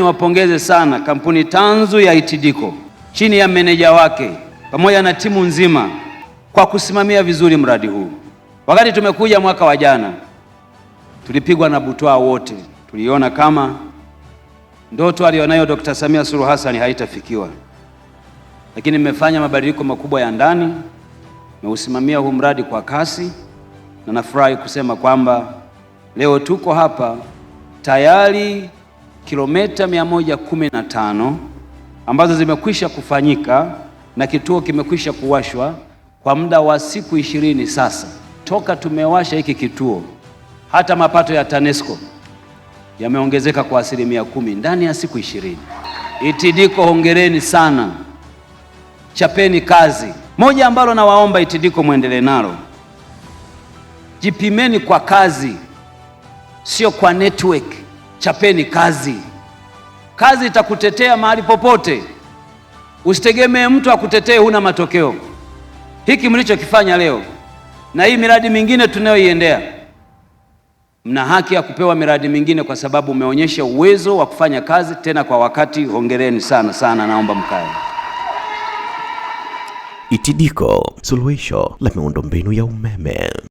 Niwapongeze sana kampuni tanzu ya Itidiko chini ya meneja wake pamoja na timu nzima kwa kusimamia vizuri mradi huu. Wakati tumekuja mwaka wa jana, tulipigwa na butwaa wote, tuliona kama ndoto aliyonayo Dr. Samia Suluhu Hassan haitafikiwa, lakini mmefanya mabadiliko makubwa ya ndani, mmeusimamia huu mradi kwa kasi, na nafurahi kusema kwamba leo tuko hapa tayari kilomita 115 ambazo zimekwisha kufanyika na kituo kimekwisha kuwashwa kwa muda wa siku ishirini sasa. Toka tumewasha hiki kituo, hata mapato ya TANESCO yameongezeka kwa asilimia kumi ndani ya siku ishirini. itidiko hongereni sana, chapeni kazi. Moja ambalo nawaomba itidiko mwendelee nalo, jipimeni kwa kazi, sio kwa network chapeni kazi. Kazi itakutetea mahali popote, usitegemee mtu akutetee, huna matokeo. Hiki mlichokifanya leo na hii miradi mingine tunayoiendea, mna haki ya kupewa miradi mingine kwa sababu umeonyesha uwezo wa kufanya kazi tena kwa wakati. Hongereni sana sana, naomba mkae. itidiko suluhisho la miundombinu ya umeme.